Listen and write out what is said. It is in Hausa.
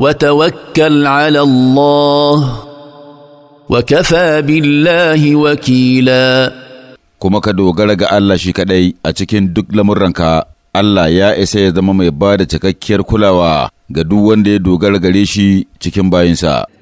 وتوكل على الله وكفى بالله وكيلا kuma ka dogara ga Allah shi kaɗai a cikin duk lamuranka Allah ya isa ya zama mai ba da cikakkiyar kulawa ga duk wanda ya dogara gare shi cikin bayinsa.